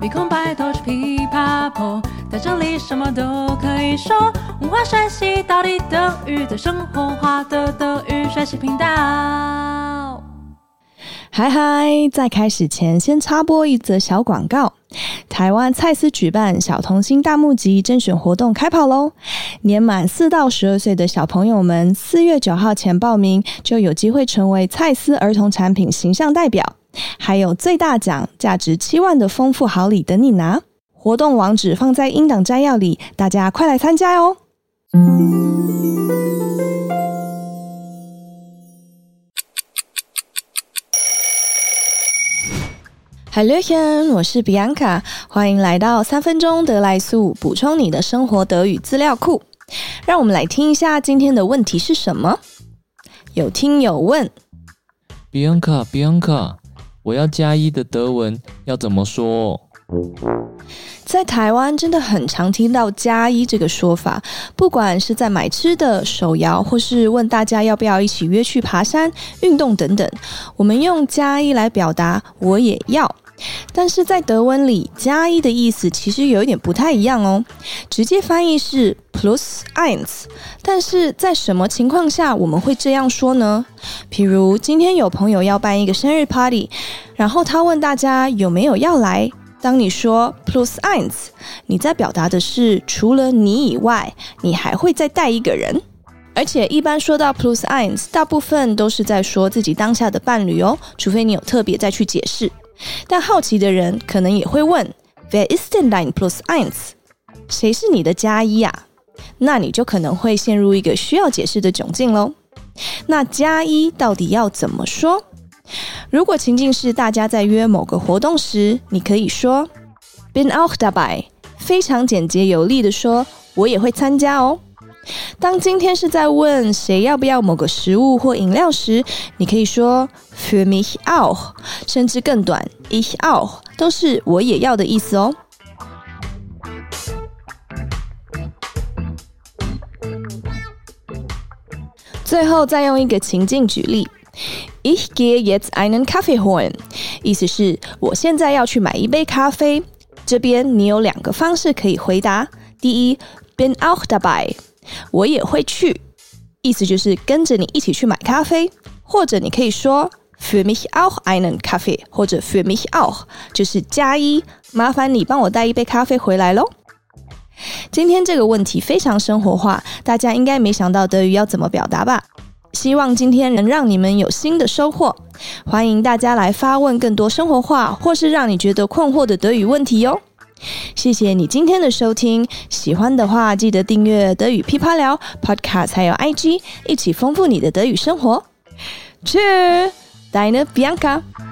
鼻空白都是劈啪聊，在這裡什麼都可以說。文化學習到底等於在生活化的德語學習頻道。嗨嗨，在開始前先插播一則小廣告：台灣蔡司舉辦小瞳星大募集徵選活動開跑嘍！年滿四到十二歲的小朋友們，四月九號前報名就有機會成為蔡司兒童產品形象代表。還有最大獎，價值七萬的豐富好禮等你拿！活動網址放在音檔摘要裡，大家快來參加喲、哦、 Hello, hi 我是 Bianca，歡迎來到三分鐘德來速，補充你的生活德語資料庫。讓我們來聽一下今天的問題是什麼？有聽有問：Bianca，Bianca。Bian ca, Bian ca. 我要加一的德文要怎麼說？在台灣真的很常聽到“加一”這個說法，不管是在買吃的、手搖，或是問大家要不要一起約去爬山、運動等等，我們用“加一”來表達我也要。但是在德文裡，加一的意思其實有一點不太一樣哦。直接翻譯是 plus eins，但是在什麼情況下我們會這樣說呢？比如今天有朋友要辦一個生日 party，然後他問大家有沒有要來。當你說 plus eins，你在表達的是除了你以外，你還會再帶一個人。而且一般說到 plus eins，大部分都是在說自己當下的伴侶哦，除非你有特別再去解釋。但好奇的人可能也會問，Wer ist denn dein plus eins？誰是你的加一啊？那你就可能會陷入一個需要解釋的窘境嘍。那加一到底要怎麼說？如果情境是大家在約某個活動時，你可以說，Bin auch dabei。非常簡潔有力的說，我也會參加哦。當今天是在問誰要不要某個食物或飲料時，你可以說 "für mich auch"，甚至更短 "ich auch"，都是我也要的意思哦。 最後再用一個情境舉例 ：Ich gehe jetzt einen Kaffee holen，意思是我現在要去買一杯咖啡。這邊你有兩個方式可以回答：第一，bin auch dabei。我也會去，意思就是跟着你一起去買咖啡，或者你可以說 für mich auch einen Kaffee 或者 für mich auch 就是加一，1, 麻煩你幫我帶一杯咖啡回來咯。今天這個問題非常生活化，大家應該沒想到德語要怎麼表達吧？希望今天能讓你們有新的收穫，歡迎大家來發問更多生活化或是讓你覺得困惑的德語問題喲。謝謝你今天的收聽，喜歡的話記得訂閱德語劈啪聊 Podcast 還有 IG，一起豐富你的德語生活。Tschüss, deine Bianca。